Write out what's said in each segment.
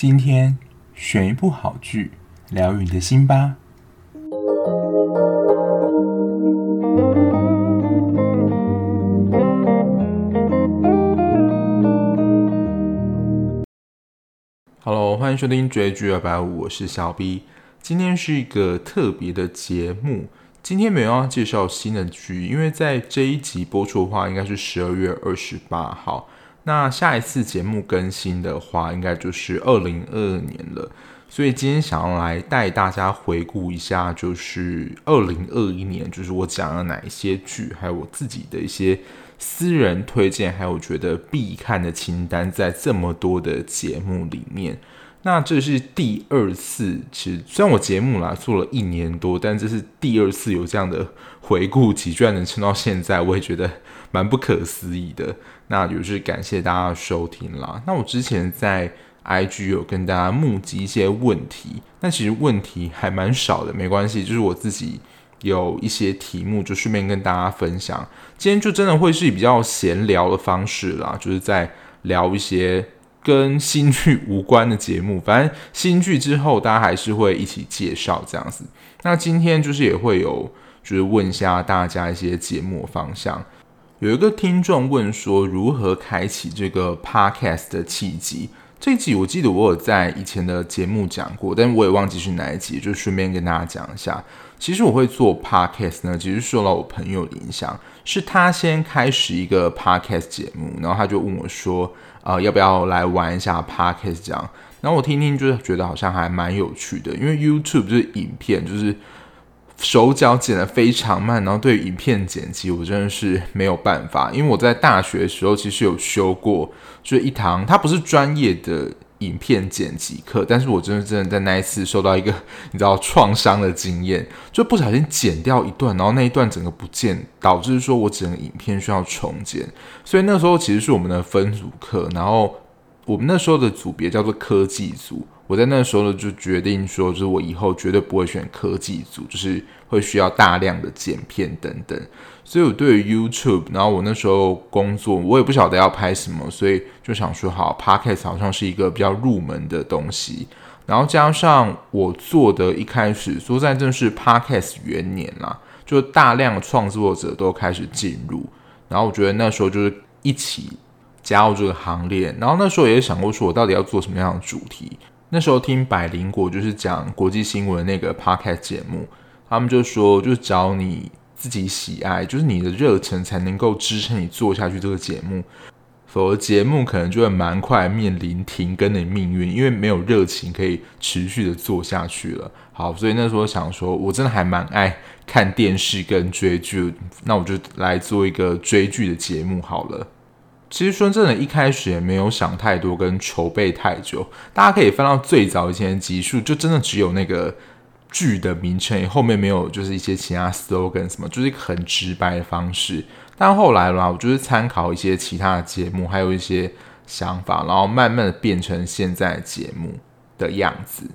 今天選一部好劇，療癒你的心吧。Hello，歡迎收聽追劇二百五，我是小 B。今天是一個特別的節目，今天沒有要介紹新的劇，因為在這一集播出的話，應該是十二月二十八號。那下一次節目更新的話，應該就是二零二二年了。所以今天想要來帶大家回顧一下，就是二零二一年，就是我講了哪一些劇，還有我自己的一些私人推薦，還有我覺得必看的清單，在這麼多的節目裡面。那這是第二次，其實雖然我節目啦做了一年多，但這是第二次有這樣的回顧集，居然能撐到現在，我也覺得蠻不可思議的。那也就是感謝大家的收聽啦。那我之前在 IG 有跟大家募集一些問題，那其實問題還蠻少的，沒關係。就是我自己有一些題目，就順便跟大家分享。今天就真的會是以比較閒聊的方式啦，就是在聊一些跟新劇無關的節目。反正新劇之後，大家還是會一起介紹這樣子。那今天就是也會有，就是問一下大家一些節目方向。有一個聽眾問說：“如何開啟這個 podcast 的契機？這一集我記得我有在以前的節目講過，但我也忘記是哪一集，就順便跟大家講一下。其實我會做 podcast 呢，其實受到我朋友的影響，是他先開始一個 podcast 節目，然後他就問我說：‘啊、呃，要不要來玩一下 podcast 這樣？’然後我聽聽，就是覺得好像還蠻有趣的，因為 YouTube 就是影片，就是。”手腳剪得非常慢，然後對於影片剪輯，我真的是沒有辦法。因為我在大學的時候其實有修過，就是一堂，它不是專業的影片剪輯課，但是我真的真的在那一次受到一個你知道創傷的經驗，就不小心剪掉一段，然後那一段整個不見，導致說我整個影片需要重剪。所以那時候其實是我們的分組課，然後我們那時候的組別叫做科技組。我在那時候呢，就決定說，就是我以後絕對不會選科技組，就是會需要大量的剪片等等。所以我對於 YouTube，然後我那時候工作，我也不曉得要拍什麼，所以就想說好，好，Podcast 好像是一個比較入門的東西。然後加上我做的一開始，說在正式 Podcast 元年啦，就大量的創作者都開始進入。然後我覺得那時候就是一起加入這個行列。然後那時候也想過說，我到底要做什麼樣的主題？那時候聽百靈果，就是講國際新聞的那個 podcast 節目，他們就說，就是只要你自己喜愛，就是你的熱忱才能夠支撐你做下去這個節目，否則節目可能就會蠻快的面臨停更的命運，因為沒有熱情可以持續的做下去了。好，所以那時候想說，我真的還蠻愛看電視跟追劇，那我就來做一個追劇的節目好了。其實說真的，一開始也沒有想太多，跟籌備太久。大家可以翻到最早以前的集數，就真的只有那個劇的名稱，後面沒有就是一些其他 slogan 什麼，就是一個很直白的方式。但後來啦，我就是參考一些其他的節目，還有一些想法，然後慢慢的變成現在節目的樣子。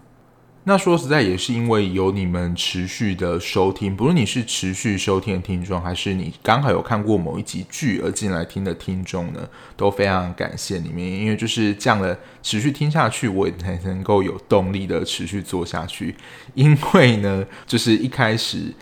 那說實在也是因為有你們持續的收聽，不論你是持續收聽的聽眾，還是你剛好有看過某一集劇而進來聽的聽眾呢，都非常感謝你們，因為就是這樣的持續聽下去，我也才能夠有動力的持續做下去。因為呢，就是一開始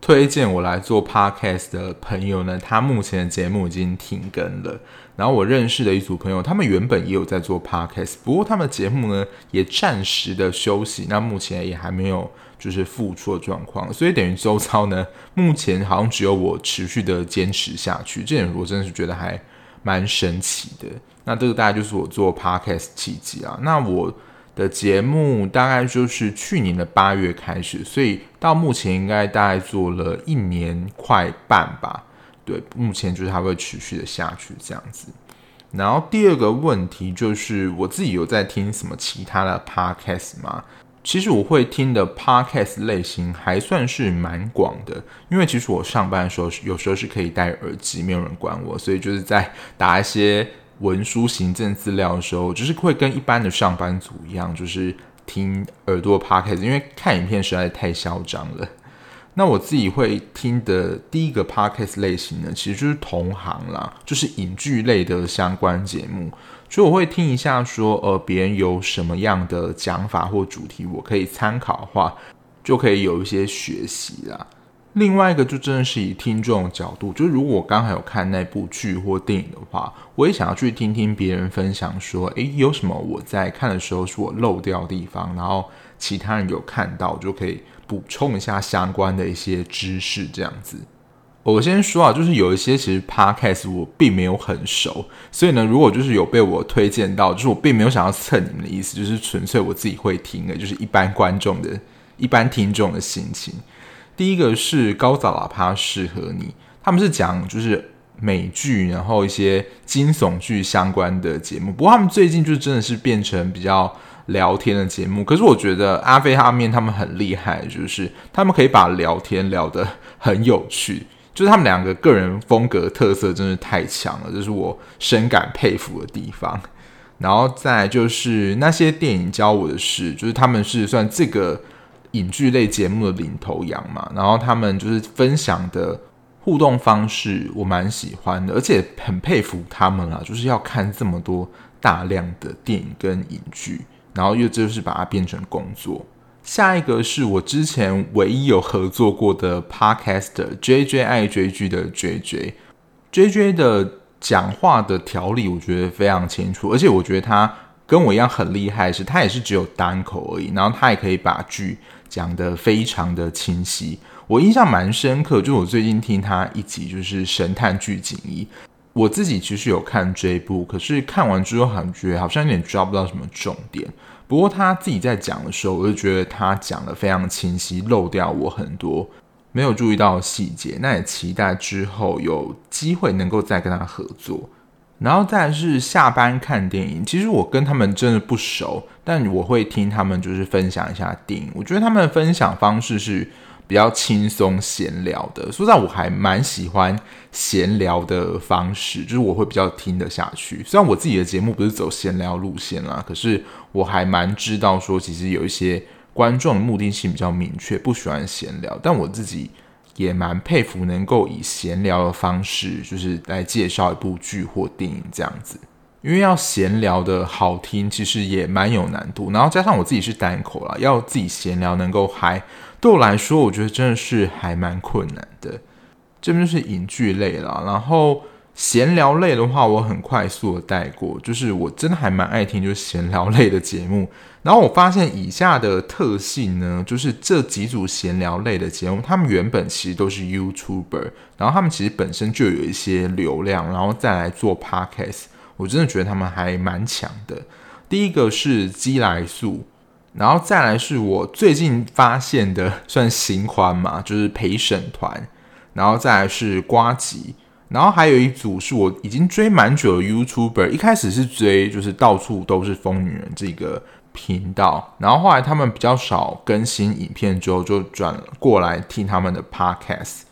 推薦我來做 podcast 的朋友呢，他目前的節目已經停更了。然後我認識的一組朋友，他們原本也有在做 podcast，不過他們的節目呢，也暫時的休息，那目前也還沒有就是復出的狀況，所以等於周遭呢，目前好像只有我持續的堅持下去，這點我真的是覺得還蠻神奇的。那這個大概就是我做 podcast 契機啊。那我的節目大概就是去年的八月開始，所以到目前應該大概做了一年快半吧。對，目前就是它會持續的下去這樣子。然後第二個問題就是，我自己有在聽什麼其他的 podcast 嗎？其實我會聽的 podcast 類型還算是蠻廣的，因為其實我上班的時候，有時候是可以戴耳機，沒有人管我，所以就是在打一些文書行政資料的時候，就是會跟一般的上班族一樣，就是聽耳朵 podcast，因為看影片實在太囂張了。那我自己會聽的第一個 podcast 類型呢，其實就是同行啦，就是影劇類的相關節目，所以我會聽一下說，說呃別人有什麼樣的講法或主題，我可以參考的話，就可以有一些學習啦。另外一個就真的是以聽眾的角度，就是如果我剛才有看那部劇或電影的話，我也想要去聽聽別人分享說，說誒有什麼我在看的時候是我漏掉的地方，然後其他人有看到就可以補充一下相關的一些知識，這樣子。Oh, 我先說啊，就是有一些其實 podcast 我並沒有很熟，所以呢，如果就是有被我推薦到，就是我並沒有想要蹭你們的意思，就是純粹我自己會聽的，就是一般觀眾的，一般聽眾的心情。第一個是高早拉趴適合你，他們是講就是美劇，然後一些驚悚劇相關的節目，不過他們最近就真的是變成比較。聊天的節目，可是我覺得阿飛阿面他們很厲害，就是他們可以把聊天聊得很有趣，就是他們兩個個人風格的特色真是太強了，這、就是我深感佩服的地方。然後再來就是那些電影教我的事，就是他們是算這個影劇類節目的領頭羊嘛，然後他們就是分享的互動方式我蠻喜歡的，而且很佩服他們啊，就是要看這麼多大量的電影跟影劇。然後又就是把它變成工作。下一個是我之前唯一有合作過的 Podcaster JJ，愛追劇的 JJ。JJ 的講話的條理我覺得非常清楚，而且我覺得他跟我一樣很厲害，是他也是只有單口而已，然後他也可以把劇講得非常的清晰。我印象蠻深刻，就我最近聽他一集就是《神探劇錦衣》。我自己其實有看這一部，可是看完之後感覺好像有點抓不到什麼重點。不過他自己在講的時候，我就覺得他講得非常清晰，漏掉我很多沒有注意到的細節。那也期待之後有機會能夠再跟他合作。然後再來是下班看電影，其實我跟他們真的不熟，但我會聽他們就是分享一下電影。我覺得他們的分享方式是。比較輕鬆閒聊的，說實在，我還蠻喜歡閒聊的方式，就是我會比較聽得下去。雖然我自己的節目不是走閒聊路線啦，可是我還蠻知道說，其實有一些觀眾目的性比較明確，不喜歡閒聊。但我自己也蠻佩服能夠以閒聊的方式，就是來介紹一部劇或電影這樣子。因為要閒聊的好聽，其實也蠻有難度。然後加上我自己是單口啦，要自己閒聊能夠嗨，對我來說，我覺得真的是還蠻困難的。這邊就是影劇類啦，然後閒聊類的話，我很快速的帶過，就是我真的還蠻愛聽，就是閒聊類的節目。然後我發現以下的特性呢，就是這幾組閒聊類的節目，他們原本其實都是 YouTuber，然後他們其實本身就有一些流量，然後再來做 Podcast。我真的覺得他們還蠻強的。第一個是基萊素，然後再來是我最近發現的，算新歡嘛，就是陪審團，然後再來是呱吉，然後還有一組是我已經追蠻久的 YouTuber，一開始是追就是到處都是瘋女人這個頻道，然後後來他們比較少更新影片之後，就轉過來聽他們的 Podcast。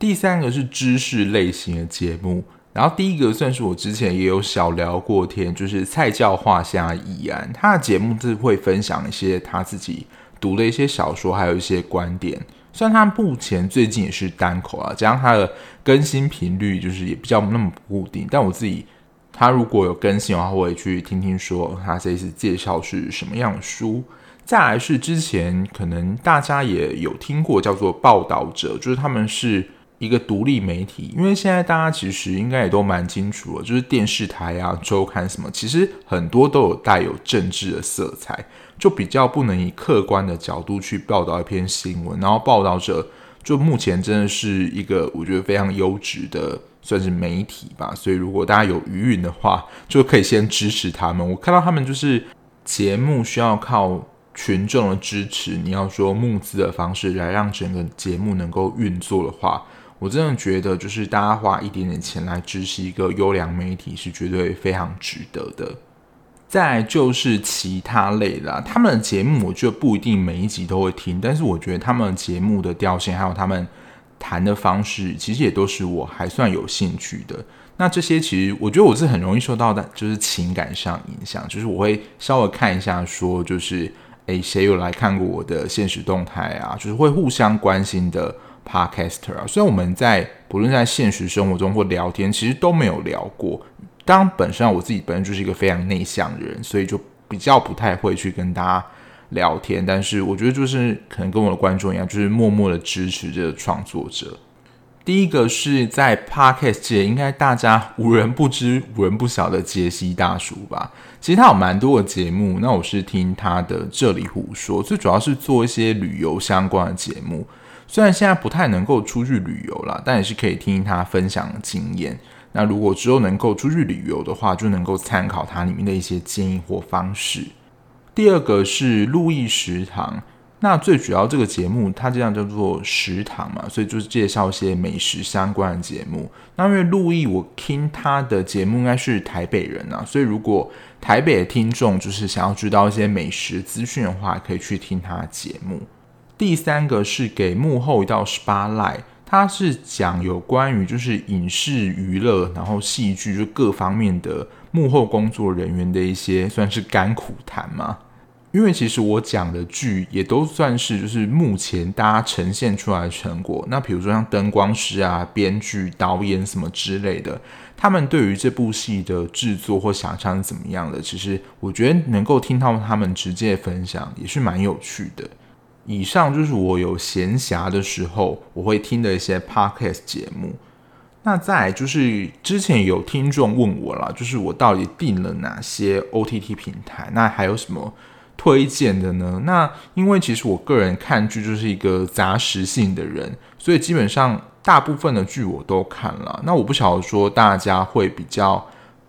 第三個是知識類型的節目。然後第一個算是我之前也有小聊過天，就是蔡教畫家在義安，他的節目就是會分享一些他自己讀的一些小說，還有一些觀點。雖然他目前最近也是單口啊，加上他的更新頻率就是也比較那麼不固定，但我自己他如果有更新的話，我會去聽聽說他這次介紹是什麼樣的書。再來是之前可能大家也有聽過叫做報導者，就是他們是。一個獨立媒體，因為現在大家其實應該也都蠻清楚了，就是電視台啊、週刊什麼，其實很多都有帶有政治的色彩，就比較不能以客觀的角度去報道一篇新聞。然後報道者就目前真的是一個我覺得非常優質的算是媒體吧，所以如果大家有餘裕的話，就可以先支持他們。我看到他們就是節目需要靠群眾的支持，你要說募資的方式來讓整個節目能夠運作的話。我真的覺得，就是大家花一點點錢來支持一個優良媒體，是絕對非常值得的。再來就是其他類的啊，他們的節目我就不一定每一集都會聽，但是我覺得他們節目的調性，還有他們談的方式，其實也都是我還算有興趣的。那這些其實，我覺得我是很容易受到的，就是情感上影響，就是我會稍微看一下，說就是，誒，誰有來看過我的限時動態啊？就是會互相關心的。Podcaster 啊，雖然我們在不論在現實生活中或聊天，其實都沒有聊過。當然，本身啊，我自己本身就是一個非常內向的人，所以就比較不太會去跟大家聊天。但是，我覺得就是可能跟我的觀眾一樣，就是默默的支持這個創作者。第一個是在 Podcast 界，應該大家無人不知、無人不曉的傑西大叔吧？其實他有蠻多的節目，那我是聽他的《這裡胡說》，最主要是做一些旅遊相關的節目。雖然現在不太能夠出去旅遊了，但也是可以聽他分享的經驗。那如果之後能夠出去旅遊的話，就能夠參考他裡面的一些建議或方式。第二個是路易食堂，那最主要這個節目它這樣叫做食堂嘛，所以就是介紹一些美食相關的節目。那因為路易我聽他的節目應該是台北人啊，所以如果台北的聽眾就是想要知道一些美食資訊的話，可以去聽他節目。第三個是給幕後一道 Spotlight，他是講有關於就是影視娛樂，然後戲劇就各方面的幕後工作人員的一些算是甘苦談嘛。因為其實我講的劇也都算是就是目前大家呈現出來的成果。那比如說像燈光師啊、編劇、導演什麼之類的，他們對於這部戲的製作或想象是怎麼樣的？其實我覺得能夠聽到他們直接分享也是蠻有趣的。以上就是我有閒暇的時候，我會聽的一些 podcast 節目。那再就是之前有聽眾問我了，就是我到底訂了哪些 OTT 平台？那還有什麼推薦的呢？那因為其實我個人看劇就是一個雜食性的人，所以基本上大部分的劇我都看了。那我不曉得說大家會比較。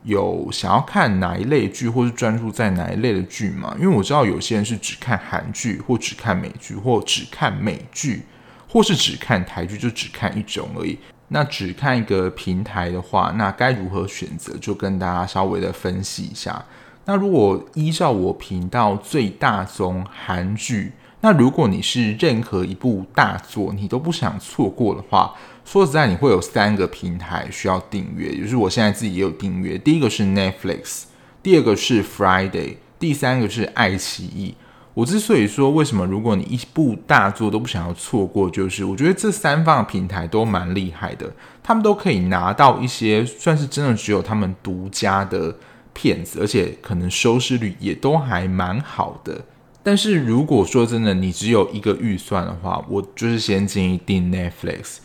有想要看哪一類劇，或是專注在哪一類的劇嗎？因為我知道有些人是只看韓劇，或只看美劇，或只看美劇，或是只看台劇，就只看一種而已。那只看一個平台的話，那該如何選擇？就跟大家稍微的分析一下。那如果依照我頻道最大宗韓劇，那如果你是任何一部大作，你都不想錯過的話，說實在，你會有三個平台需要訂閱，就是我現在自己也有訂閱。第一個是 Netflix，第二個是 Friday，第三個是愛奇藝。我之所以說為什麼，如果你一部大作都不想要錯過，就是我覺得這三方的平台都蠻厲害的，他們都可以拿到一些算是真的只有他們獨家的片子，而且可能收視率也都還蠻好的。但是如果說真的你只有一個預算的話，我就是先建議訂 Netflix。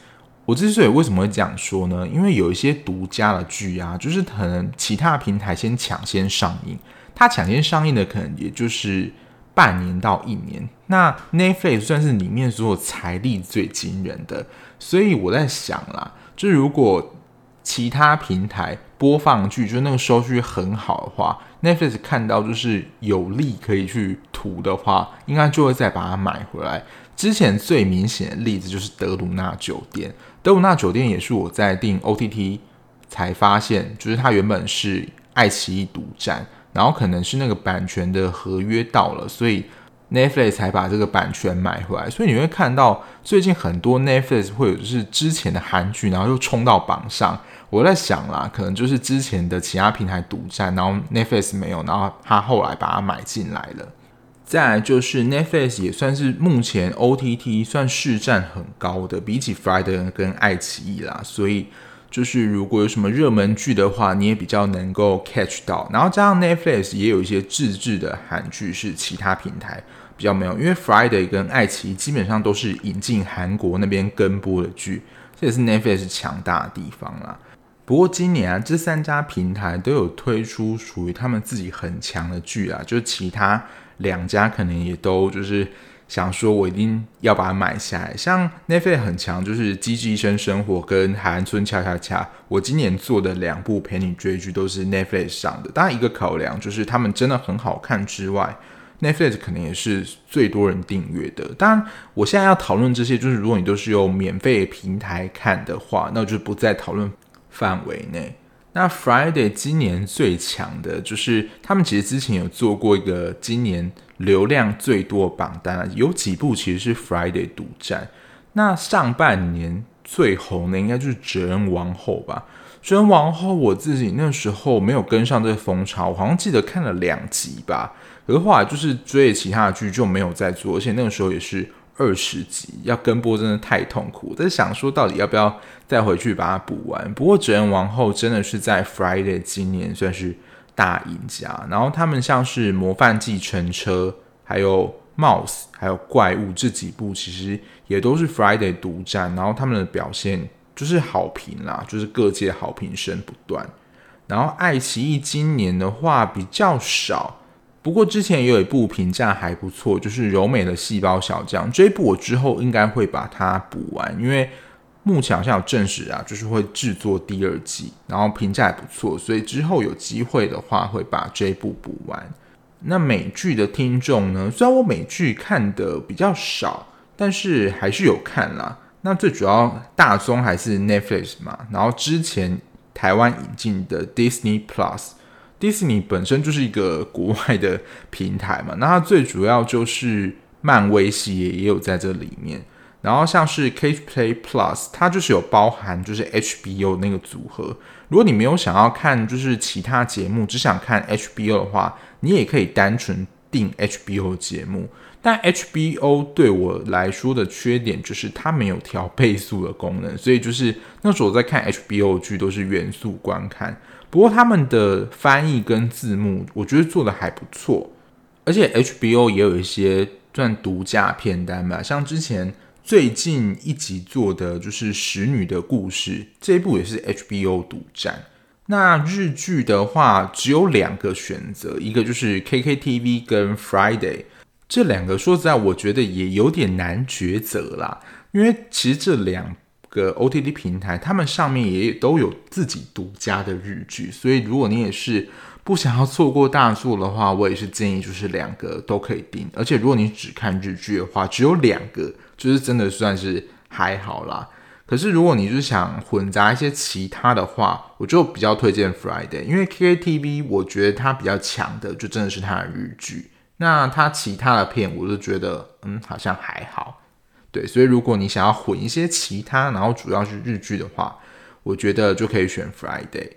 我之所以為什麼會這樣說呢？因為有一些獨家的劇啊，就是可能其他平台先搶先上映，它搶先上映的可能也就是半年到一年。那 Netflix 算是裡面所有財力最驚人的，所以我在想啦，就如果其他平台。播放劇，就是那個時候劇很好的話，Netflix 看到就是有利可以去圖的話，應該就會再把它買回來。之前最明顯的例子就是《德魯納酒店》，《德魯納酒店》也是我在訂 OTT 才發現，就是它原本是愛奇藝獨占，然後可能是那個版權的合約到了，所以 Netflix 才把這個版權買回來。所以你會看到最近很多 Netflix 或者是之前的韓劇，然後又衝到榜上。我在想啦，可能就是之前的其他平台獨占，然後 Netflix 沒有，然後他後來把它買進來了。再來就是 Netflix 也算是目前 OTT 算市占很高的，比起 Friday 跟愛奇藝啦。所以就是如果有什麼熱門劇的話，你也比較能夠 catch 到。然後加上 Netflix 也有一些自製的韓劇，是其他平台比較沒有，因為 Friday 跟愛奇藝基本上都是引進韓國那邊跟播的劇，這也是 Netflix 強大的地方啦。不過今年啊，這三家平台都有推出屬於他們自己很強的劇啊，就是其他兩家可能也都就是想說，我一定要把它買下來。像 Netflix 很強，就是《機智醫生生活》跟《海岸村恰恰恰》。我今年做的兩部陪你追劇都是 Netflix 上的。當然，一個考量就是他們真的很好看之外，Netflix 可能也是最多人訂閱的。當然，我現在要討論這些，就是如果你都是用免費平台看的話，那就不再討論。範圍內，那 Friday 今年最強的就是他們，其實之前有做過一個今年流量最多的榜單，有幾部其實是 Friday 獨佔。那上半年最紅的應該就是哲《哲仁王后》吧，《哲仁王后》我自己那時候沒有跟上這個風潮，我好像記得看了兩集吧，可是後來就是追其他的劇就沒有再做，而且那個時候也是。二十集要跟播真的太痛苦，我在想說到底要不要再回去把它補完。不過《哲仁王后》真的是在 Friday 今年算是大贏家，然後他們像是《模範計程車》、還有 Mouse、還有怪物這幾部，其實也都是 Friday 獨佔，然後他們的表現就是好評啦，就是各界好評聲不斷。然後愛奇藝今年的話比較少，不過之前也有一部評價還不錯，就是柔美的細胞小將。這一部我之後應該會把它補完，因為目前好像有證實啊，就是會制作第二季，然後評價還不錯，所以之後有機會的話會把這一部補完。那美劇的聽眾呢？雖然我美劇看的比較少，但是還是有看啦。那最主要大宗還是 Netflix 嘛，然後之前台灣引進的 Disney Plus。迪士尼本身就是一個國外的平台嘛，那它最主要就是漫威系列也有在這裡面。然後像是 Catch Play Plus，它就是有包含就是 HBO 那個組合。如果你沒有想要看就是其他節目，只想看 HBO 的話，你也可以單純訂 HBO 節目。但 HBO 對我來說的缺點就是它沒有調倍速的功能，所以就是那時候我在看 HBO 劇都是原速觀看。不過他們的翻譯跟字幕，我覺得做的還不錯，而且 HBO 也有一些算獨家片單吧，像之前最近一集做的就是《使女的故事》，這一部也是 HBO 獨占。那日劇的話，只有兩個選擇，一個就是 KKTV 跟 Friday 這兩個，說實在，我覺得也有點難抉擇啦，因為其實這兩。個 OTT 平台，他們上面也都有自己獨家的日劇，所以如果你也是不想要錯過大作的話，我也是建議就是兩個都可以訂。而且如果你只看日劇的話，只有兩個，就是真的算是還好啦。可是如果你就是想混雜一些其他的話，我就比較推薦 Friday，因為 KKTV 我覺得它比較強的，就真的是它的日劇。那它其他的片，我就覺得嗯，好像還好。對，所以如果你想要混一些其他，然後主要是日劇的話，我覺得就可以選 Friday。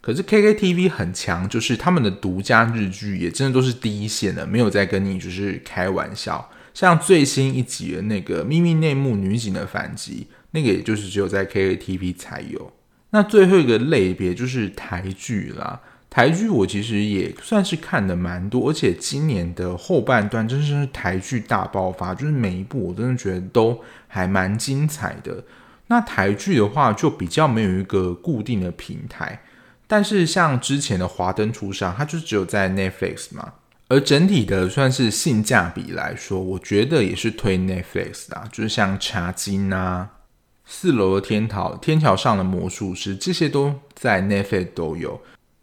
可是 KKTV 很強，就是他們的獨家日劇也真的都是第一線的，沒有在跟你就是開玩笑。像最新一集的那個秘密內幕女警的反擊，那個也就是只有在 KKTV 才有。那最後一個類別就是台劇啦。台劇我其實也算是看的蠻多，而且今年的後半段真是台劇大爆發，就是每一部我真的覺得都還蠻精彩的。那台劇的話就比較沒有一個固定的平台，但是像之前的《華燈初上》，它就只有在 Netflix 嘛。而整體的算是性價比來說，我覺得也是推 Netflix 啦，就是像《茶金》啊，《四樓的天堂》、《天橋上的魔術師》這些都在 Netflix 都有。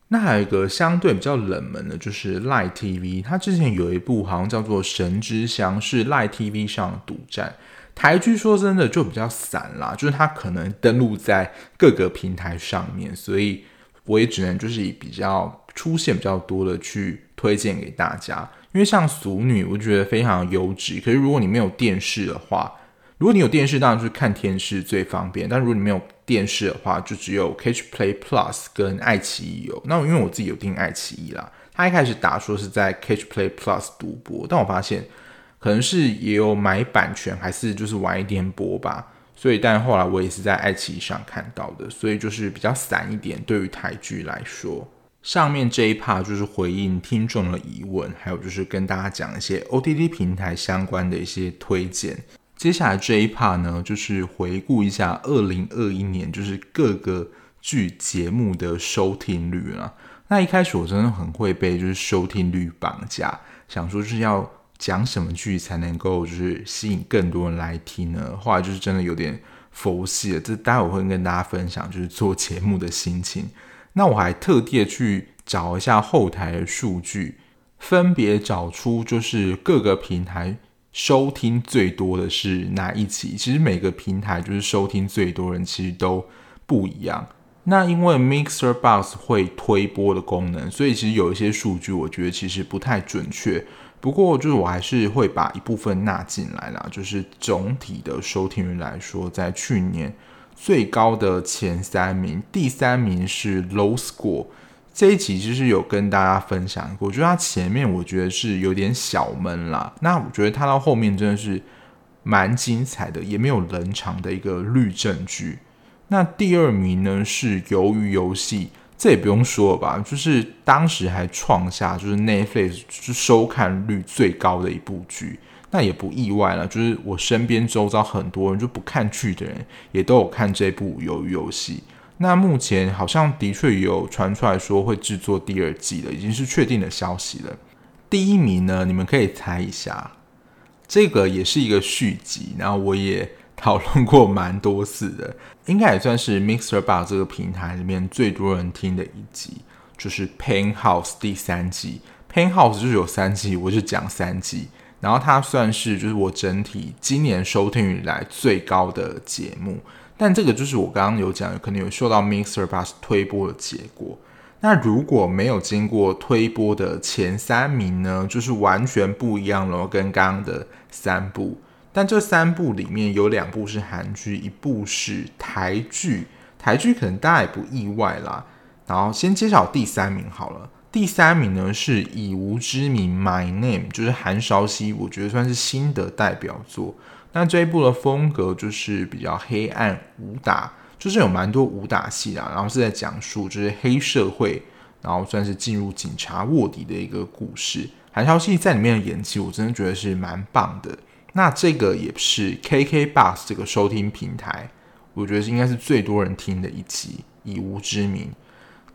那還有一個相對比較冷門的，就是 LINE TV，它之前有一部好像叫做《神之鄉》，是 LINE TV 上獨佔台劇。說真的，就比較散啦，就是它可能登錄在各個平台上面，所以我也只能就是以比較出現比較多的去推薦給大家。因為像《俗女》，我覺得非常優質，可是如果你沒有電視的話。如果你有電視，當然就是看電視最方便。但如果你沒有電視的話，就只有 Catch Play Plus 跟愛奇藝有。那因為我自己有聽愛奇藝啦，他一開始打說是在 Catch Play Plus 獨播，但我發現可能是也有買版權，還是就是晚一點播吧。所以，但後來我也是在愛奇藝上看到的，所以就是比較散一點。對於台劇來說，上面這一 part 就是回應聽眾的疑問，還有就是跟大家講一些 OTT 平台相關的一些推薦。接下來這一 part 呢，就是回顧一下二零二一年，就是各個劇節目的收聽率了。那一開始我真的很會被就是收聽率綁架，想說就是要講什麼劇才能夠就是吸引更多人來聽呢？後來就是真的有點佛系了。這待會我會跟大家分享就是做節目的心情。那我還特地去找一下後台的數據，分別找出就是各個平台。收聽最多的是哪一期？其實每個平台就是收聽最多人其實都不一樣。那因為 MixerBox 會推播的功能，所以其實有一些數據我覺得其實不太準確。不過就是我還是會把一部分納進來啦。就是總體的收聽人來說，在去年最高的前三名，第三名是 Low Score。這一集其實有跟大家分享過，我覺得它前面我覺得是有點小悶啦。那我覺得它到後面真的是蠻精彩的，也沒有冷場的一個律政劇。那第二名呢是《魷魚遊戲》，這也不用說了吧，就是當時還創下就是 Netflix 就收看率最高的一部劇，那也不意外了。就是我身邊周遭很多人就不看劇的人，也都有看這部《魷魚遊戲》。那目前好像的確有傳出來說會制作第二季了，已經是確定的消息了。第一名呢，你們可以猜一下，這個也是一個續集。然後我也討論過蠻多次的，應該也算是 MixerBox 這個平台裡面最多人聽的一集，就是 Penthouse 第三季。Penthouse 就是有三季，我就講三季，然後它算是就是我整體今年收聽以來最高的節目。但這個就是我剛剛有講，可能有受到 MixerBox 推播的結果。那如果沒有經過推播的前三名呢，就是完全不一樣了，跟剛剛的三部。但這三部裡面有兩部是韓劇，一部是台劇。台劇可能大家也不意外啦。然後先介紹第三名好了。第三名呢是以吾之名 My Name，就是韓韶禧，我覺得算是新的代表作。那這一部的風格就是比較黑暗武打，就是有蠻多武打戲啦、啊。然後是在講述就是黑社會，然後算是進入警察臥底的一個故事。韓韶禧在裡面的演技，我真的覺得是蠻棒的。那這個也是 KK Bus 這個收聽平台，我覺得是應該是最多人聽的一集《以吾之名》。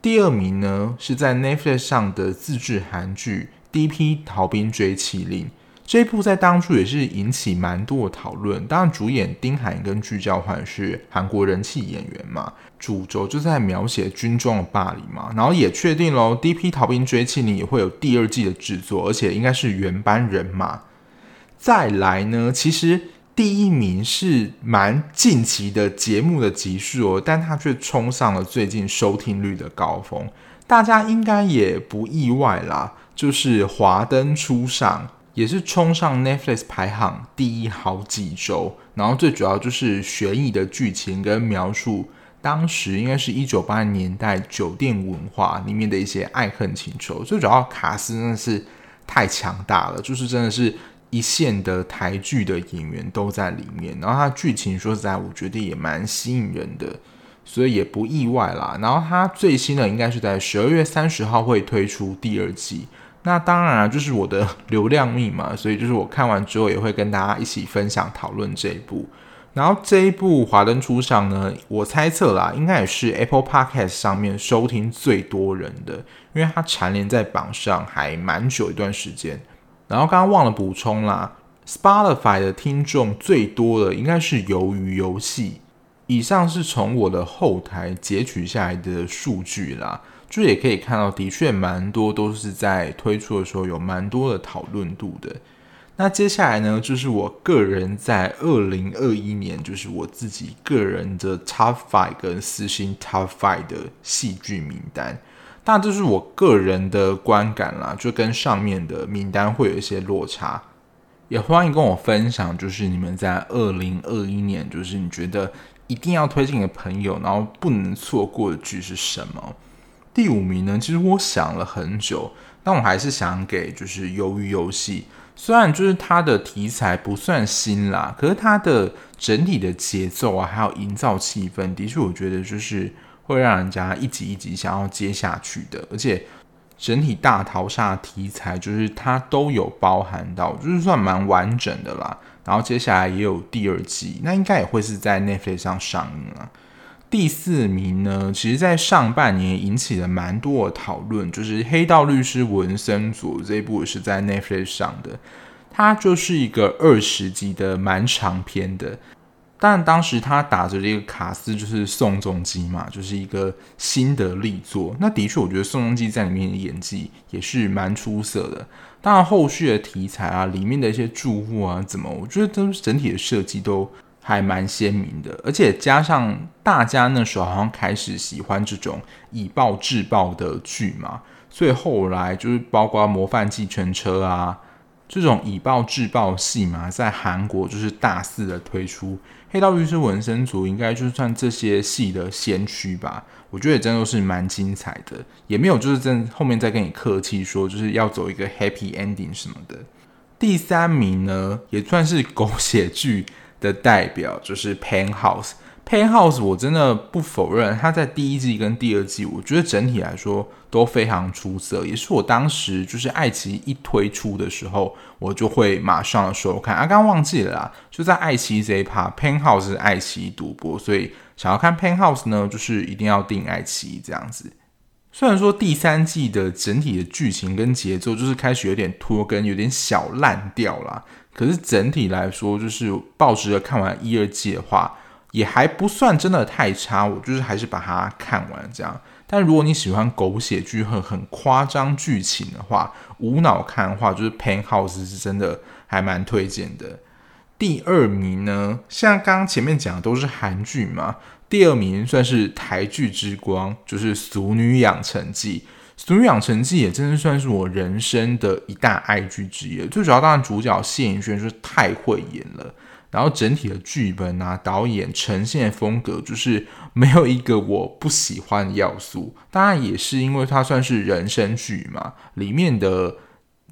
第二名呢是在 Netflix 上的自製韓劇《D.P. 逃兵追緝令》。這一部在當初也是引起蠻多的討論，當然主演丁海寅跟具教煥是韓國人氣演員嘛，主軸就在描寫軍裝的霸凌嘛，然後也確定嘍 D.P. 逃兵追緝令也會有第二季的制作，而且應該是原班人馬。再來呢，其實第一名是蠻近期的節目的集數哦，但它卻衝上了最近收聽率的高峰，大家應該也不意外啦，就是華燈初上。也是衝上 Netflix 排行第一好幾週，然後最主要就是懸疑的劇情跟描述，當時應該是一九八零年代酒店文化裡面的一些愛恨情仇。最主要卡斯真的是太強大了，就是真的是一線的台劇的演員都在裡面，然後它劇情說實在，我覺得也蠻吸引人的，所以也不意外啦。然後它最新的應該是在十二月三十號會推出第二季。那當然啊，就是我的流量密碼，所以就是我看完之後也會跟大家一起分享討論這一部。然後這一部《華燈初上》呢，我猜測啦，應該也是 Apple Podcast 上面收聽最多人的，因為它蟬聯在榜上還蠻久一段時間。然後剛剛忘了補充啦，Spotify 的聽眾最多的應該是《魷魚遊戲》。以上是從我的後台截取下來的數據啦。就也可以看到，的確蠻多都是在推出的時候有蠻多的討論度的。那接下來呢，就是我個人在二零二一年，就是我自己個人的 Top Five 跟私心 Top Five 的戲劇名單。當然，這是我個人的觀感啦，就跟上面的名單會有一些落差。也歡迎跟我分享，就是你們在二零二一年，就是你覺得一定要推薦給朋友，然後不能錯過的劇是什麼？第五名呢，其實我想了很久，但我還是想給就是《魷魚遊戲》，雖然就是它的題材不算新啦，可是它的整體的節奏啊，還有營造氣氛，的確我覺得就是會讓人家一集一集想要接下去的。而且整體大逃殺的題材，就是它都有包含到，就是算蠻完整的啦。然後接下來也有第二季，那應該也會是在 Netflix 上上映了啊。第四名呢，其實，在上半年引起了蠻多的討論，就是《黑道律師文森佐》這一部也是在 Netflix 上的，它就是一個二十集的蠻長篇的。但當時他打着這個卡司，就是宋仲基嘛，就是一個新的力作。那的確，我覺得宋仲基在裡面的演技也是蠻出色的。當然，後續的題材啊，裡面的一些住戶啊，怎麼，我覺得都整體的設計都。還蠻鮮明的，而且加上大家那時候好像開始喜歡這種以暴制暴的劇嘛，所以後來就是包括模範計程車啊這種以暴制暴戲嘛，在韓國就是大肆的推出。黑道律師文森佐應該就算這些戲的先驅吧，我覺得也真的是蠻精彩的，也沒有就是真後面再跟你客氣說就是要走一個 happy ending 什麼的。第三名呢，也算是狗血劇。的代表就是 Penthouse。Penthouse 我真的不否認，它在第一季跟第二季，我覺得整體來說都非常出色，也是我當時就是愛奇藝一推出的時候，我就會馬上說說看。啊，剛忘記了啦，就在愛奇藝這一趴。Penthouse 是愛奇藝獨播，所以想要看 Penthouse 呢，就是一定要訂愛奇藝這樣子。雖然說第三季的整體的劇情跟節奏，就是開始有點拖跟有點小爛掉了。可是整體來說，就是抱着看完一二季的話，也還不算真的太差。我就是還是把它看完這樣。但如果你喜歡狗血劇和很誇張劇情的話，無腦看的話，就是《Penthouse》是真的還蠻推薦的。第二名呢，像剛剛前面講的都是韓劇嘛，第二名算是台劇之光，就是《俗女養成記》。《俗女養成記》也真的算是我人生的一大愛劇之一。最主要，當然主角謝盈萱就是太會演了。然後整體的劇本啊、導演呈現的風格，就是沒有一個我不喜歡的要素。當然也是因為它算是人生劇嘛，裡面的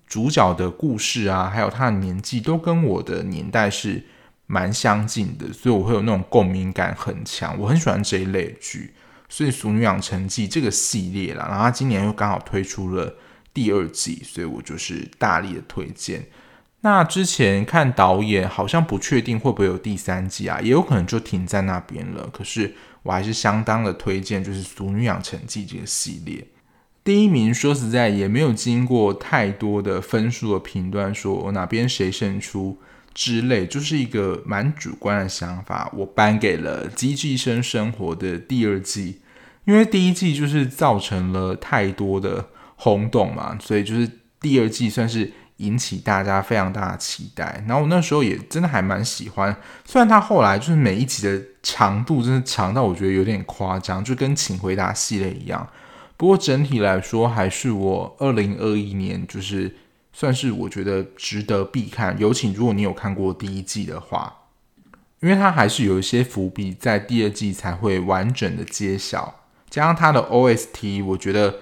主角的故事啊，還有他的年紀都跟我的年代是蠻相近的，所以我會有那種共鳴感很強。我很喜歡這一類劇。所以《俗女養成記》這個系列啦，然後它今年又剛好推出了第二季，所以我就是大力的推薦。那之前看導演好像不確定會不會有第三季啊，也有可能就停在那邊了。可是我還是相當的推薦，就是《俗女養成記》這個系列。第一名說實在也沒有經過太多的分數的評斷，說、哦、哪邊誰勝出。之類就是一個蠻主觀的想法，我頒給了《機智醫生生活》的第二季，因為第一季就是造成了太多的轟動嘛，所以就是第二季算是引起大家非常大的期待。然後我那時候也真的還蠻喜歡，雖然它後來就是每一集的長度真的長到我覺得有點誇張，就跟《請回答》系列一樣。不過整體來說，還是我二零二一年就是。算是我覺得值得必看，尤其如果你有看過第一季的話，因為它還是有一些伏筆，在第二季才會完整的揭曉。加上它的 OST，我覺得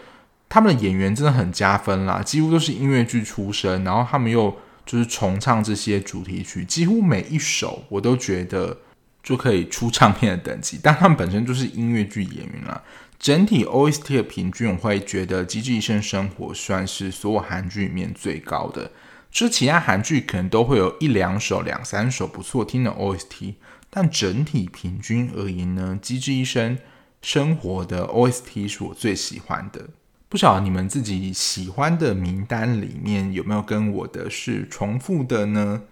他們的演員真的很加分啦，幾乎都是音樂劇出身，然後他們又就是重唱這些主題曲，幾乎每一首我都覺得。就可以出唱片的等級，但他們本身就是音樂劇演員啦，整體 OST 的平均，我會覺得《機智醫生生活》算是所有韓劇裡面最高的。其實其他韓劇可能都會有一兩首、兩三首不錯聽的 OST，但整體平均而言呢，《機智醫生生活》的 OST 是我最喜歡的。不曉得你們自己喜歡的名單裡面有沒有跟我的是重複的呢？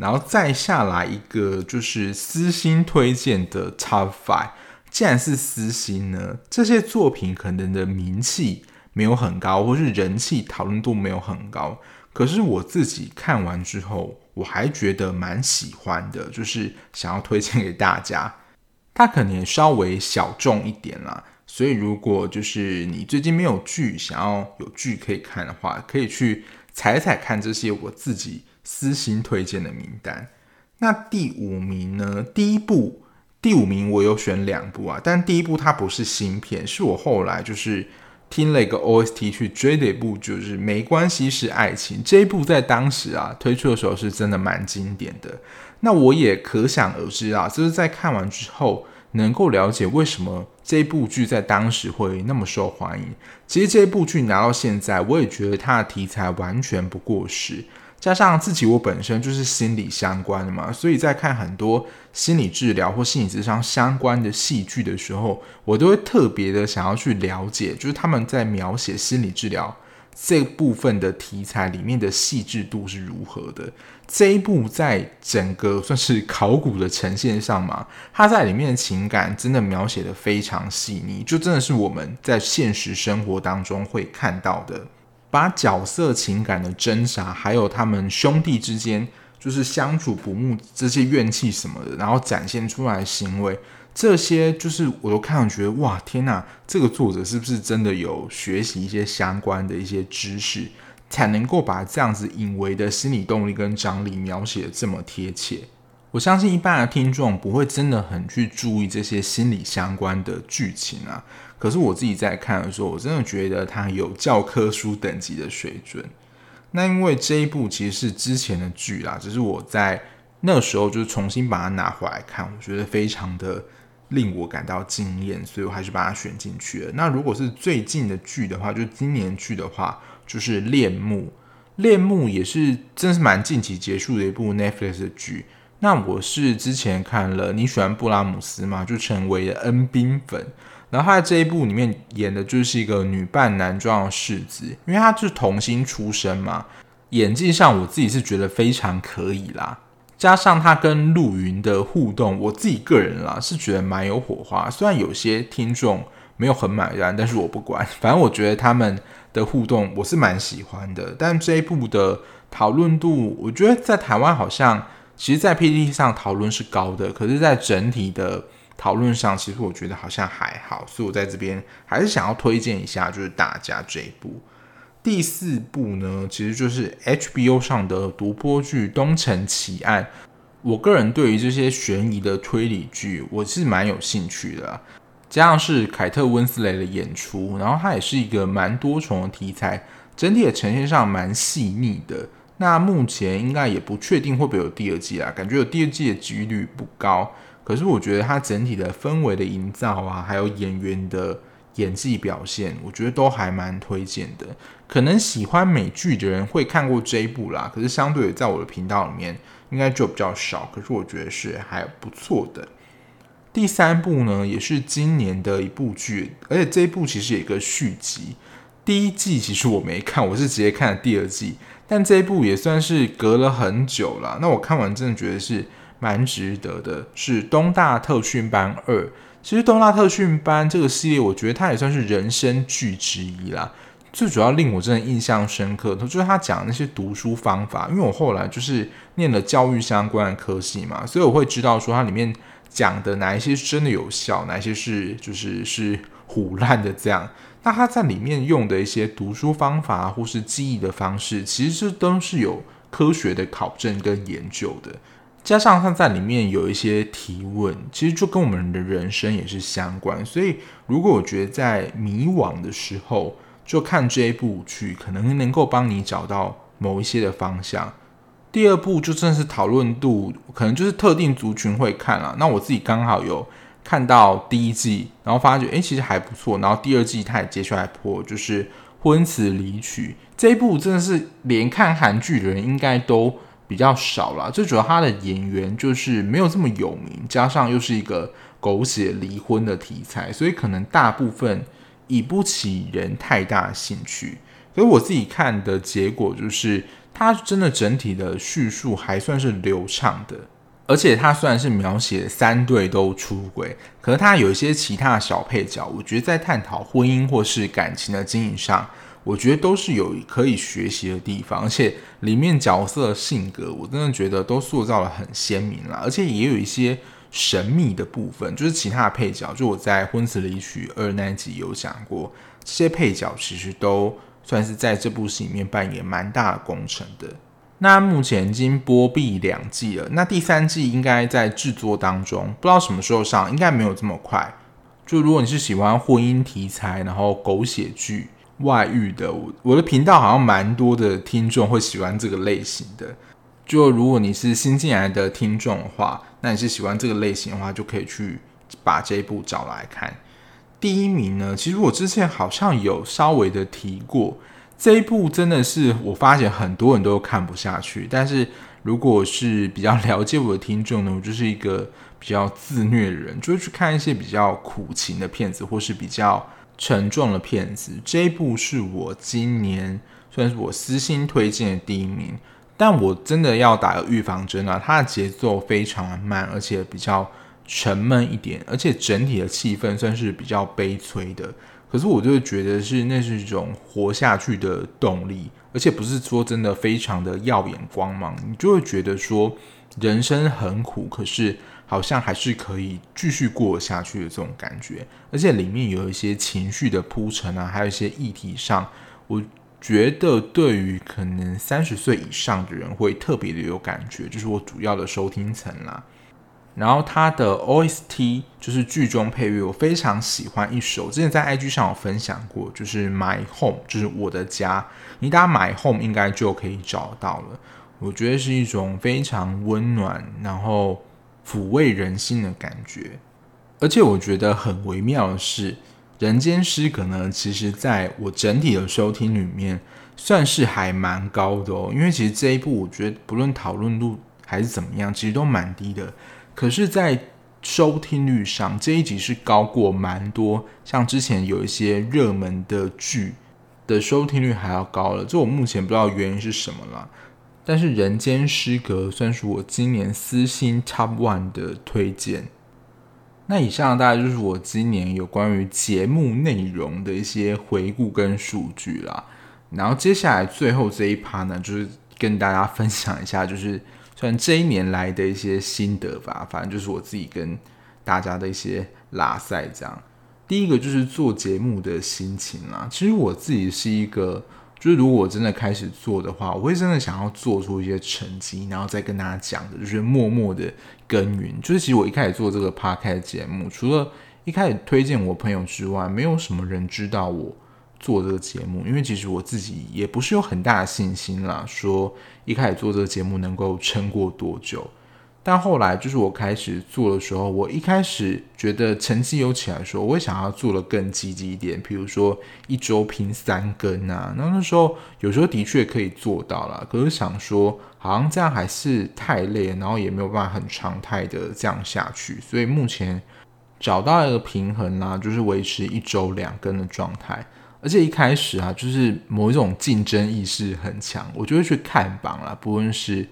然後再下來一個就是私心推薦的 Top Five，既然是私心呢，這些作品可能的名氣沒有很高，或是人氣討論度沒有很高，可是我自己看完之後，我還覺得蠻喜歡的，就是想要推薦給大家。它可能稍微小眾一點啦，所以如果就是你最近沒有劇，想要有劇可以看的話，可以去踩踩看這些我自己。私心推薦的名單，那第五名呢？第一部，第五名我有選兩部啊，但第一部它不是新片，是我後來就是聽了一個 OST 去追的一部，就是《沒關係是愛情》這一部，在當時啊推出的時候是真的蠻經典的。那我也可想而知啊，就是在看完之後能夠了解為什麼這部劇在當時會那麼受歡迎。其實這部劇拿到現在，我也覺得它的題材完全不過時。加上自己，我本身就是心理相關的嘛，所以在看很多心理治療或心理諮商相關的戲劇的時候，我都會特別的想要去了解，就是他們在描寫心理治療這部分的題材裡面的細緻度是如何的。這一部在整個算是考古的呈現上嘛，它在裡面的情感真的描寫得非常細膩，就真的是我們在現實生活當中會看到的。把角色情感的掙扎，還有他們兄弟之間就是相處不睦這些怨氣什麼的，然後展現出來的行為，這些就是我都看上覺得哇天哪、啊，這個作者，是不是真的有學習一些相關的一些知識，才能夠把這樣子隱微的心理動力跟張力描寫得這麼貼切。我相信一般的聽眾不會真的很去注意這些心理相關的劇情啊。可是我自己在看的時候，我真的覺得它有教科書等級的水準。那因為這一部其實是之前的劇啦，只是我在那個時候就重新把它拿回來看，我覺得非常的令我感到驚艷，所以我還是把它選進去了。那如果是最近的劇的話，就今年劇的話，就是《戀慕》，《戀慕》也是真是蠻近期結束的一部 Netflix 的劇。那我是之前看了你喜歡布拉姆斯嗎？就成為了恩彬粉。然後他在這一部裡面演的就是一個女扮男裝的世子，因為他是童星出身嘛，演技上我自己是覺得非常可以啦。加上他跟陸雲的互動，我自己個人啦是覺得蠻有火花。雖然有些聽眾沒有很買單，但是我不管，反正我覺得他們的互動我是蠻喜歡的。但這一部的討論度，我覺得在台灣好像。其實，在 PTT 上討論是高的，可是，在整體的討論上，其實我覺得好像還好，所以我在這邊還是想要推薦一下，就是大家這一部第四部呢，其實就是 HBO 上的獨播劇《東城奇案》。我個人對於這些懸疑的推理劇，我是蠻有興趣的啊，加上是凱特溫斯雷的演出，然後它也是一個蠻多重的題材，整體的呈現上蠻細膩的。那目前應該也不確定會不會有第二季啦，感覺有第二季的幾率不高。可是我覺得它整體的氛圍的營造啊，還有演員的演技表現，我覺得都還蠻推薦的。可能喜歡美劇的人會看過這一部啦，可是相對在我的頻道裡面應該就比較少。可是我覺得是還不錯的。第三部呢，也是今年的一部劇，而且這一部其實有一個續集。第一季其實我沒看，我是直接看了第二季。但這一部也算是隔了很久了啊。那我看完真的覺得是蠻值得的，是東大特訓班二。其實東大特訓班這個系列，我覺得它也算是人生劇之一啦。最主要令我真的印象深刻，就是他講那些讀書方法。因為我後來就是念了教育相關的科系嘛，所以我會知道說它裡面講的哪一些是真的有效，哪一些是就是是唬爛的這樣。那他在裡面用的一些讀書方法，或是記憶的方式，其實這都是有科學的考證跟研究的。加上他在裡面有一些提問，其實就跟我們的人生也是相關。所以，如果我覺得在迷惘的時候，就看這一部劇，可能能夠幫你找到某一些的方向。第二部就算是討論度，可能就是特定族群會看了。那我自己剛好有。看到第一季，然後發覺哎、欸，其實還不錯。然後第二季它也接下來播，就是婚詞離曲，這一部，真的是連看韓劇的人應該都比較少了。最主要他的演員就是沒有這麼有名，加上又是一個狗血離婚的題材，所以可能大部分引不起人太大興趣。所以我自己看的結果就是，他真的整體的敘述還算是流暢的。而且他雖然是描寫三對都出軌，可是他有一些其他的小配角，我覺得在探討婚姻或是感情的經營上，我覺得都是有可以學習的地方。而且裡面角色的性格，我真的覺得都塑造得很鮮明了。而且也有一些神秘的部分，就是其他的配角。就我在《婚詞離曲》二那集有講過，這些配角其實都算是在這部戲裡面扮演蠻大的工程的。那目前已經播畢兩季了，那第三季應該在制作當中，不知道什麼時候上，應該沒有這麼快。就如果你是喜歡婚姻題材，然後狗血劇、外遇的，我我的頻道好像蠻多的聽眾會喜歡這個類型的。就如果你是新進來的聽眾的話，那你是喜歡這個類型的話，話就可以去把這一部找來看。第一名呢，其實我之前好像有稍微的提過。這一部真的是我發現很多人都看不下去，但是如果是比較了解我的聽眾呢，我就是一個比較自虐的人，就會去看一些比較苦情的片子，或是比較沉重的片子。這一部是我今年算是我私心推薦的第一名，但我真的要打個預防針啊，它的節奏非常的慢，而且比較沉悶一點，而且整體的氣氛，算是比較悲催的。可是我就會覺得是那是一種活下去的動力，而且不是說真的非常的耀眼光芒，你就會覺得說人生很苦，可是好像還是可以繼續過下去的這種感覺，而且裡面有一些情緒的鋪陳啊，還有一些議題上，我覺得對於可能三十歲以上的人會特別的有感覺，就是我主要的收聽層啦。然後它的 OST 就是劇中配樂，我非常喜歡一首，之前在 IG 上有分享過，就是 My Home，就是我的家。你打 My Home 應該就可以找到了。我覺得是一種非常溫暖，然後撫慰人心的感覺。而且我覺得很微妙的是，《人間失格》呢，其實在我整體的收聽裡面算是還蠻高的哦，因為其實這一部我覺得不論討論度還是怎麼樣，其實都蠻低的。可是，在收聽率上，這一集是高過蠻多，像之前有一些熱門的劇的收聽率還要高了。這我目前不知道原因是什麼了。但是《人間失格》算是我今年私心 Top One 的推薦。那以上大概就是我今年有關於節目內容的一些回顧跟數據啦。然後接下來最後這一趴呢，就是跟大家分享一下，就是。可能這一年來的一些心得吧，反正就是我自己跟大家的一些拉賽。這樣。第一個就是做節目的心情啦、啊，其實我自己是一個，就是如果我真的開始做的話，我會真的想要做出一些成績，然後再跟大家講的，就是默默的耕耘。就是其實我一開始做這個 podcast 節目，除了一開始推薦我朋友之外，沒有什麼人知道我。做這個節目，因為其實我自己也不是有很大的信心啦，說一開始做這個節目能夠撐過多久。但後來就是我開始做的時候，我一開始覺得成績有起來說，我會想要做的更積極一點，比如說一周拼三更啊。那那時候有時候的確可以做到啦，可是想說好像這樣還是太累，然後也沒有辦法很常態的這樣下去。所以目前找到一個平衡啦、啊，就是維持一周兩更的狀態。而且一開始啊，就是某一種競爭意識很強，我就會去看榜啦。不論是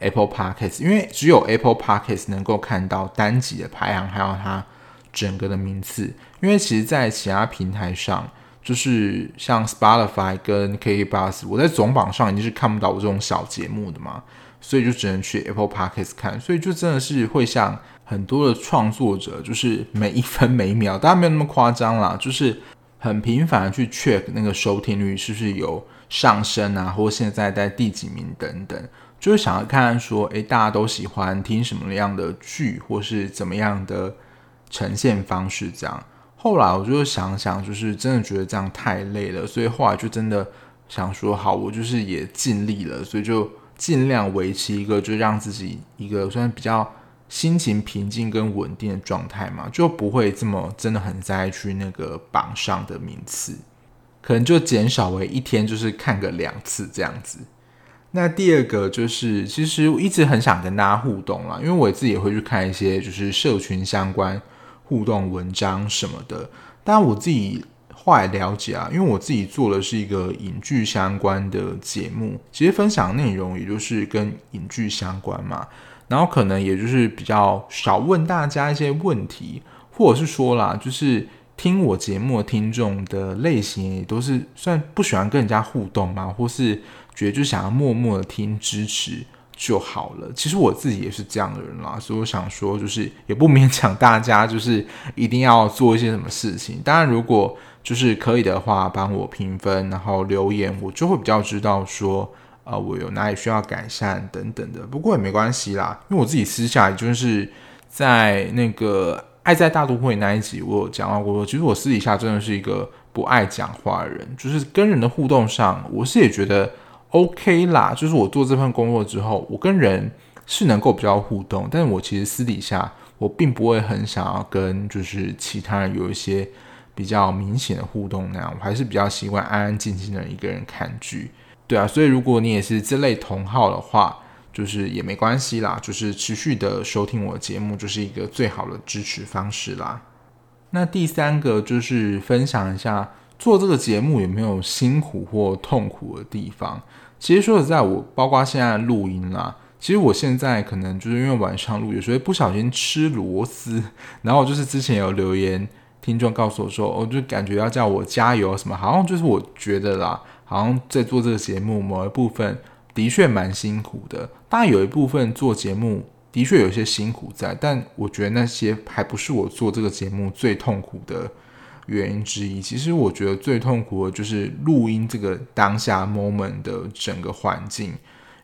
Apple Podcast，因為只有 Apple Podcast 能夠看到單集的排行，還有它整個的名次。因為其實，在其他平台上，就是像 Spotify 跟 KKBOX，我在總榜上已經是看不到我這種小節目的嘛，所以就只能去 Apple Podcast 看。所以就真的是會像很多的創作者，就是每一分每一秒，當然沒有那麼誇張啦，就是。很頻繁的去 check 那個收聽率是不是有上升啊，或現在在第幾名等等，就是想要看看說，誒、欸，大家都喜歡聽什麼樣的劇，或是怎麼樣的呈現方式這樣。後來我就想想，就是真的覺得這樣太累了，所以後來就真的想說，好，我就是也盡力了，所以就盡量維持一個，就讓自己一個算比較，心情平靜跟穩定的狀態嘛，就不會這麼真的很在意去那個榜上的名次，可能就減少為一天就是看個兩次這樣子。那第二個就是，其實我一直很想跟大家互動啦，因為我自己也會去看一些就是社群相關互動文章什麼的。但我自己後來了解啊，因為我自己做的是一個影劇相關的節目，其實分享的內容也就是跟影劇相關嘛。然後可能也就是比較少問大家一些問題，或者是說啦，就是聽我節目的聽眾的類型也都是算不喜歡跟人家互動嘛，或是覺得就想要默默的聽支持就好了。其實我自己也是這樣的人啦，所以我想說就是也不勉強大家，就是一定要做一些什麼事情。當然，如果就是可以的話，幫我評分然後留言，我就會比較知道說。呃，我有哪裡需要改善等等的，不過也沒關係啦。因為我自己私下就是在那個《愛在大都會》那一集，我有講到過，其實我私底下真的是一個不愛講話的人。就是跟人的互動上，我是也覺得 OK 啦。就是我做這份工作之後，我跟人是能夠比較互動，但是我其實私底下我並不會很想要跟就是其他人有一些比較明顯的互動那樣。我還是比較習慣安安靜靜的一個人看劇。對啊，所以如果你也是這類同好的話，就是也沒關係啦，就是持續的收聽我的節目，就是一個最好的支持方式啦。那第三個就是分享一下做這個節目有沒有辛苦或痛苦的地方。其實說實在，我包括現在的錄音啦，其實我現在可能就是因為晚上錄，有時候不小心吃螺絲，然後就是之前有留言聽眾告訴我說，我、哦、就感覺要叫我加油什麼，好像就是我覺得啦。好像在做這個節目，某一部分的確蠻辛苦的。當然，有一部分做節目的確有些辛苦在，但我覺得那些還不是我做這個節目最痛苦的原因之一。其實，我覺得最痛苦的就是錄音這個當下 moment 的整個環境，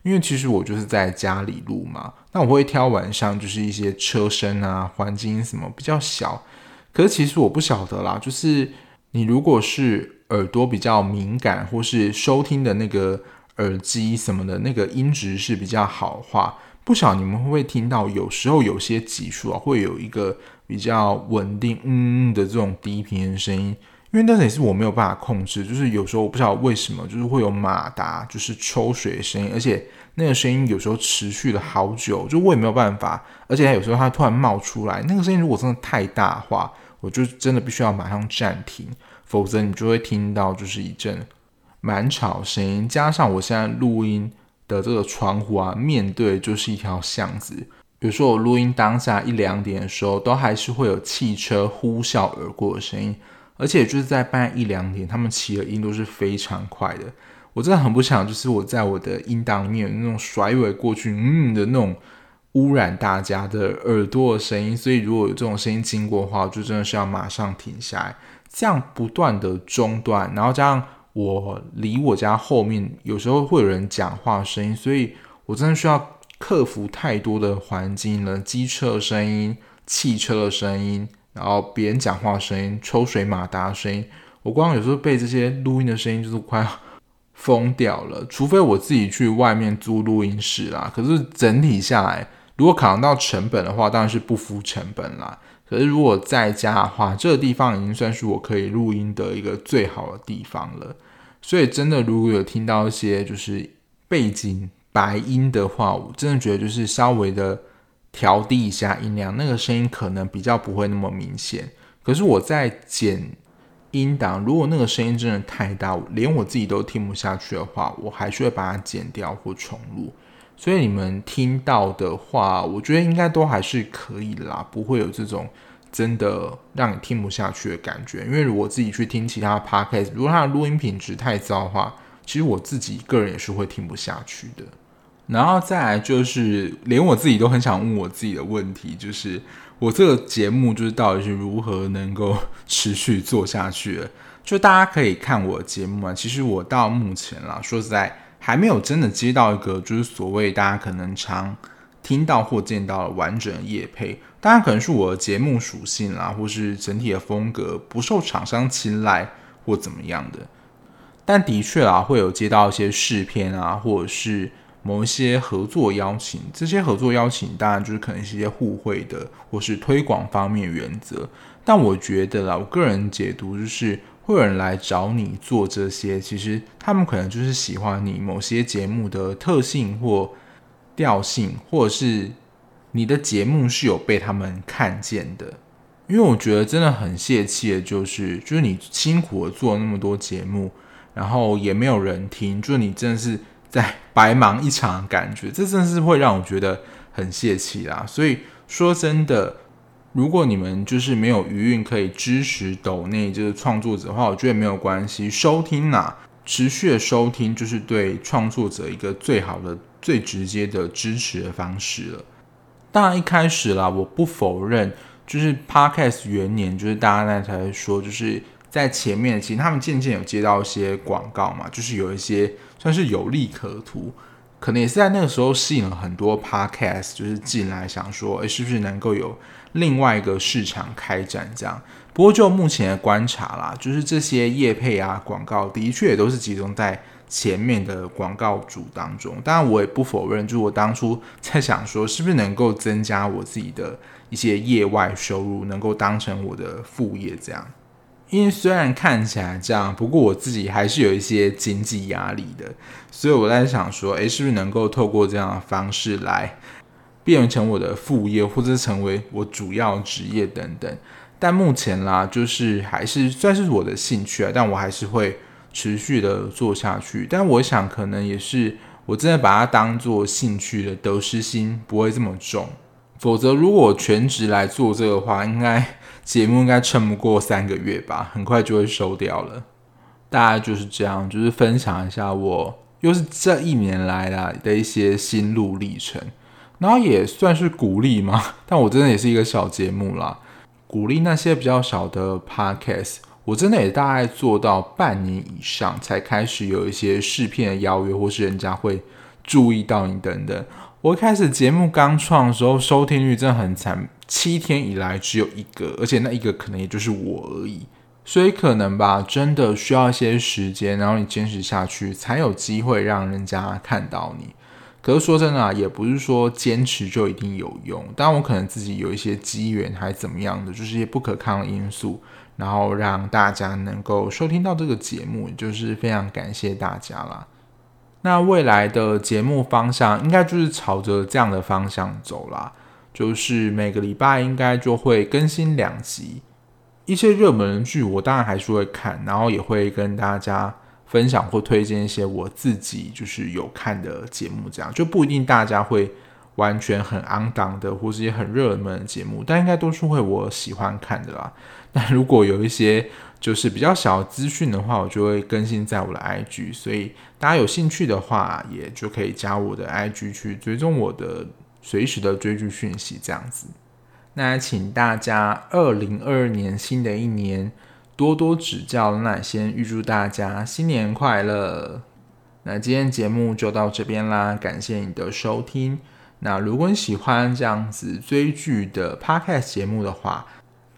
因為其實我就是在家裡錄嘛。那我會挑晚上，就是一些車聲啊、環境什麼比較小。可是，其實我不曉得啦，就是你如果是。耳朵比較敏感，或是收聽的那個耳機什麼的那個音質是比較好的話，不曉得你們會不會聽到，有時候有些集數啊會有一個比較穩定嗯、嗯的這種低頻的聲音，因為那也是我沒有辦法控制，就是有時候我不知道為什麼，就是會有馬達就是抽水的聲音，而且那個聲音有時候持續了好久，就我也沒有辦法，而且有時候它突然冒出來，那個聲音如果真的太大的話，我就真的必須要馬上暫停。否則你就會聽到就是一陣蠻吵的聲音，加上我現在錄音的這個窗戶啊，面對就是一條巷子。比如說我錄音當下一兩點的時候，都還是會有汽車呼嘯而過的聲音，而且就是在半夜一兩點，他們騎的音都是非常快的。我真的很不想，就是我在我的音檔裡面那種甩尾過去，嗯的那種污染大家的耳朵的聲音。所以如果有這種聲音經過的話，我就真的是要馬上停下來。這樣不斷的中斷，然後加上我離我家後面有時候會有人講話聲音，所以我真的需要克服太多的環境了：機車聲音、汽車的聲音，然後別人講話聲音、抽水馬達聲音。我光有時候被這些錄音的聲音就是快要 瘋掉了，除非我自己去外面租錄音室啦。可是整體下來，如果考量到成本的話，當然是不敷成本啦。可是如果在家的話，這個地方已經算是我可以錄音的一個最好的地方了。所以真的，如果有聽到一些就是背景白音的話，我真的覺得就是稍微的調低一下音量，那個聲音可能比較不會那麼明顯。可是我在剪音檔，如果那個聲音真的太大，我連我自己都聽不下去的話，我還是會把它剪掉或重錄。所以你們聽到的話，我覺得應該都還是可以啦，不會有這種真的讓你聽不下去的感覺。因為我自己去聽其他 p o a 如果它的錄音品質太糟的話，其實我自己個人也是會聽不下去的。然後再來就是，連我自己都很想問我自己的問題，就是我這個節目就是到底是如何能夠持續做下去的？就大家可以看我的節目啊，其實我到目前啦，說實在。還沒有真的接到一個，就是所謂大家可能常聽到或見到的完整業配，當然可能是我的節目屬性啦，或是整體的風格不受廠商青睞或怎麼樣的。但的確啊，會有接到一些試片啊，或者是某一些合作邀請。這些合作邀請當然就是可能一些互惠的，或是推廣方面原則。但我覺得啊，我個人解讀就是。會有人來找你做這些，其實他們可能就是喜歡你某些節目的特性或調性，或者是你的節目是有被他們看見的。因為我覺得真的很洩氣的，就是就是你辛苦做那麼多節目，然後也沒有人聽，就是你真的是在白忙一場的感覺，這真的是會讓我覺得很洩氣啦。所以說真的。如果你們就是沒有餘韻可以支持抖內就是創作者的話，我覺得沒有關係。收聽啊，持續的收聽就是對創作者一個最好的、最直接的支持的方式了。當然，一開始啦，我不否認，就是 Podcast 元年，就是大家那才說，就是在前面，其實他們漸漸有接到一些廣告嘛，就是有一些算是有利可圖。可能也是在那個時候吸引了很多 podcast，就是進來想說，誒、欸，是不是能夠有另外一個市場開展這樣？不過就目前的觀察啦，就是這些業配啊、廣告的確也都是集中在前面的廣告主當中。當然我也不否認，就是我當初在想說，是不是能夠增加我自己的一些業外收入，能夠當成我的副業這樣。因為雖然看起來這樣，不過我自己還是有一些經濟壓力的，所以我在想說，誒、欸，是不是能夠透過這樣的方式來變成我的副業，或者成為我主要職業等等？但目前啦，就是還是算是我的興趣啊，但我還是會持續的做下去。但我想，可能也是我真的把它當做興趣的得失心不會這麼重，否則如果全職來做這個的話，應該。節目應該撐不過三個月吧，很快就會收掉了。大家就是這樣，就是分享一下我又是這一年來啦的一些心路歷程，然後也算是鼓勵嘛。但我真的也是一個小節目啦，鼓勵那些比較小的 podcast。我真的也大概做到半年以上，才開始有一些試片的邀約，或是人家會注意到你等等。我一開始節目剛創的時候，收聽率真的很慘，七天以來只有一個，而且那一個可能也就是我而已，所以可能吧，真的需要一些時間，然後你堅持下去，才有機會讓人家看到你。可是說真的啊，也不是說堅持就一定有用，但我可能自己有一些機緣還怎麼樣的，就是一些不可抗的因素，然後讓大家能夠收聽到這個節目，就是非常感謝大家啦。那未來的節目方向應該就是朝着這樣的方向走啦，就是每個禮拜應該就會更新兩集。一些熱門劇我當然還是會看，然後也會跟大家分享或推薦一些我自己就是有看的節目，這樣就不一定大家會完全很 on 檔的，或是一些很熱門的節目，但應該都是會我喜歡看的啦。那如果有一些。就是比較小資訊的話，我就會更新在我的 IG，所以大家有興趣的話，也就可以加我的 IG 去追蹤我的隨時的追劇訊息這樣子。那請大家二零二二年新的一年多多指教，那先預祝大家新年快樂。那今天節目就到這邊啦，感謝你的收聽。那如果你喜歡這樣子追劇的 Podcast 節目的話，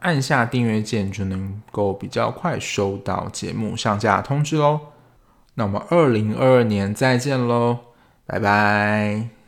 按下訂閱鍵就能夠比較快收到節目上架通知嘍。那我們2022年再見嘍，拜拜。